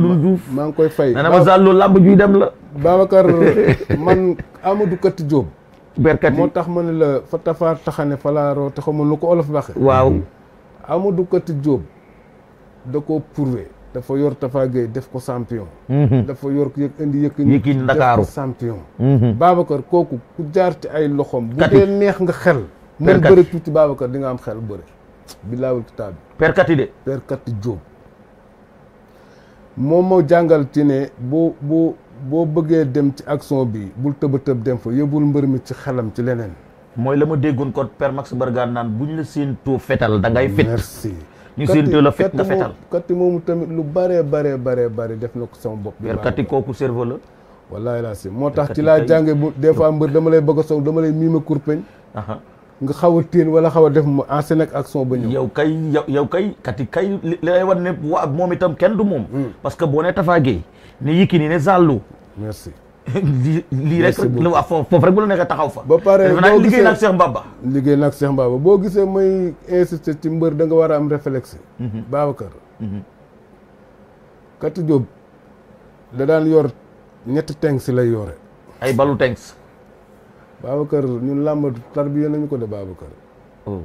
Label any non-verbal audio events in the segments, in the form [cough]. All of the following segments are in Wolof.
maa ngi koy fay nee na ma Zallo làmb juy dem la. Babacar [laughs] man Amadou Kati Diop. berkat moo tax ma ne la fa tafaar taxane falaaroo te xamul lu ko olof waxee. waaw Amadou Kati Diop da ko prouvé. dafa yor Tafa Gueye def ko champion. Mhm. dafa yor yëg indi yëkk yëkki Ndakaaru def ko mhm. kooku ku jaar ci ay loxom bu dee neex nga xel. perkat mën bëri tuuti Babacar di nga am xel bëri. bilaawul kitaab bi. perkat yi de. perkat moom moo jàngal ci ne boo boo boo bëggee dem ci action bi bul tëba tëb dem fa yóbbul mbër mi ci xelam ci leneen. mooy la ma déggoon kon permax Max Mbargane naan bu ñu la séentoo fetal da ngay fit merci ñu séentoo la fit nga fetal kati moomu tamit lu baree baree baree bare def na ko sama bopp bi kati kooku cerveau la wallaahi laa si moo tax ci laa jànge bu des fois mbër dama lay bëgg a soog dama lay miima kurpeñ nga xaw a téen wala xaw a def mu en ak action ba ñëw. yow kay yow kay kati kay li lay wan ne waa moom itam kenn du moom. Hmm. parce que boo nee Tapha Gueye ne Yékini ne Zallo. merci. [laughs] lii rek la foofu rek bu la nekkee taxaw fa. ba pare boo gisee liggéey na ak Cheikh Mbaba. liggéey na ak Cheikh Mbaba boo gisee may insister ci mbër da nga war a am réflexe. Mm-hmm. Babacar. Mm-hmm. Kati Diop da daan yor ñetti tengs lay yore. ay balu tengs. Babacar ñun làmb tarbiya nañu ko de Babacar. Hmm.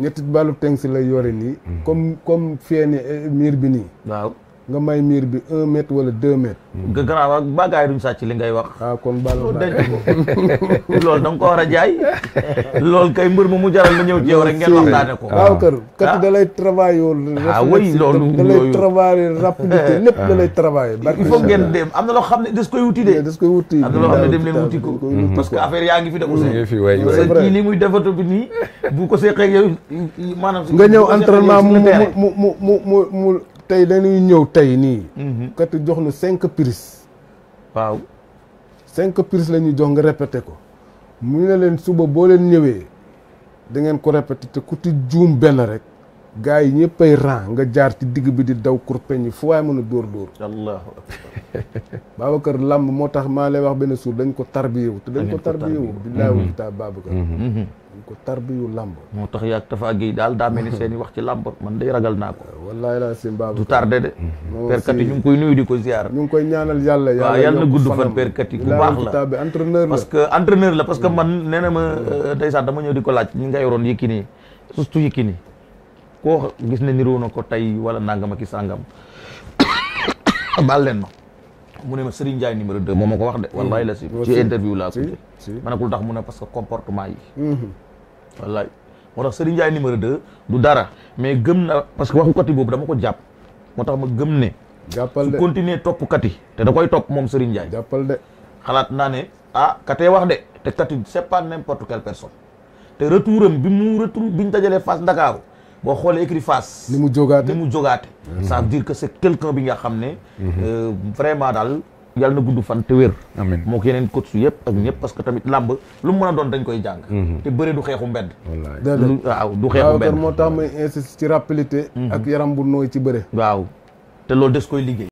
ñetti bàllu teng si lay yore nii. Hmm. comme comme feeni eh, miir bi nii. waaw. nga may miir bi un mètre wala deux mètres. nga gannaaw ba gars yi duñ sàcc li ngay wax. ah kon baal ma baal [laughs] loolu ko war a jaay. loolu kay mbër mu mu jaral nga ñëw ci yow rek ngeen waxtaane ko. waaw kër ah. kat da lay travail yow. ah, ah oui loolu [laughs] ah. am na loo xam ne des koy wuti de. des koy wuti que affaire yaa ngi de aussi. Mm. yaa ngi fi waay waay nii bu ko seqee nga ñëw entraînement mu mu mu mu mu. tey dañuy ñëw tey nii. Mhm. kat jox nu cinq prises. waaw cinq prises la ñuy jox nga répété ko. mu ne leen suba boo leen ñëwee da ngeen ko répété te ku ci juum benn rek. gars yi ñëppay ran nga jaar ci digg bi di daw kurpeñ yi fu waaye mën a dóor dóor. allahu akbar. [laughs] Babacar Lamb moo tax maa lay wax benn suur dañ ko tarbiyewu te dañ ko tarbiyewu. billaahi mhm. wal kitaab Babacar. Mhm. ñu ko tarbiyu moo tax yaag Tafa Gueye daal daa mel ni hmm. seen i wax ci làmb man day ragal naa ko wallaay laa de hmm. perkat yi koy nuyu di ko ziar ñu ngi koy ñaanal yàlla waaw yàlla na gudd fan perkat yi ku baax la entraîneur la parce que entraîneur la parce que hmm. man nee na ma euh, ndeysaan dama ñëw di ko laaj ñi nga yoroon Yékini surtout Yékini koo gis ne niroo na ko tey wala nangam ak i sàngam [coughs] baal leen ma mu serinja ma Serigne Ndiaye numéro 2 moo ma ko wax de. wallahi la hmm. ci interview lah ko. si ma ne ko lu tax mai, ne parce que comportement yi. wallahi moo tax Serigne Ndiaye numéro 2 du dara mais gëm na parce que waxu kati boobu dama ko jàpp moo ma gëm ne. jàppal de continuer top kati te da koy top moom Serigne Ndiaye. de xalaat naa ah katee wax de te kati c'est pas n'importe quelle personne te retouram bi mu retour face Dakar. boo xoolee écurie Fass mu jógaate ni mu jógaate ça veut dire que c'est quelqu'un bi nga xam ne mhm. euh, vraiment daal yàlla na gudd fan te wér amiin moo ko yeneen coach yëpp ak ñëpp parce que tamit làmb lu mu a doon dañ koy jàng mhm. te bëre du xeexu mbedd waaw du xeexu mbedd moo tax may insiste ci rapidité mhm. ak yaram bu nooy ci bëre waaw te loolu des koy liggéey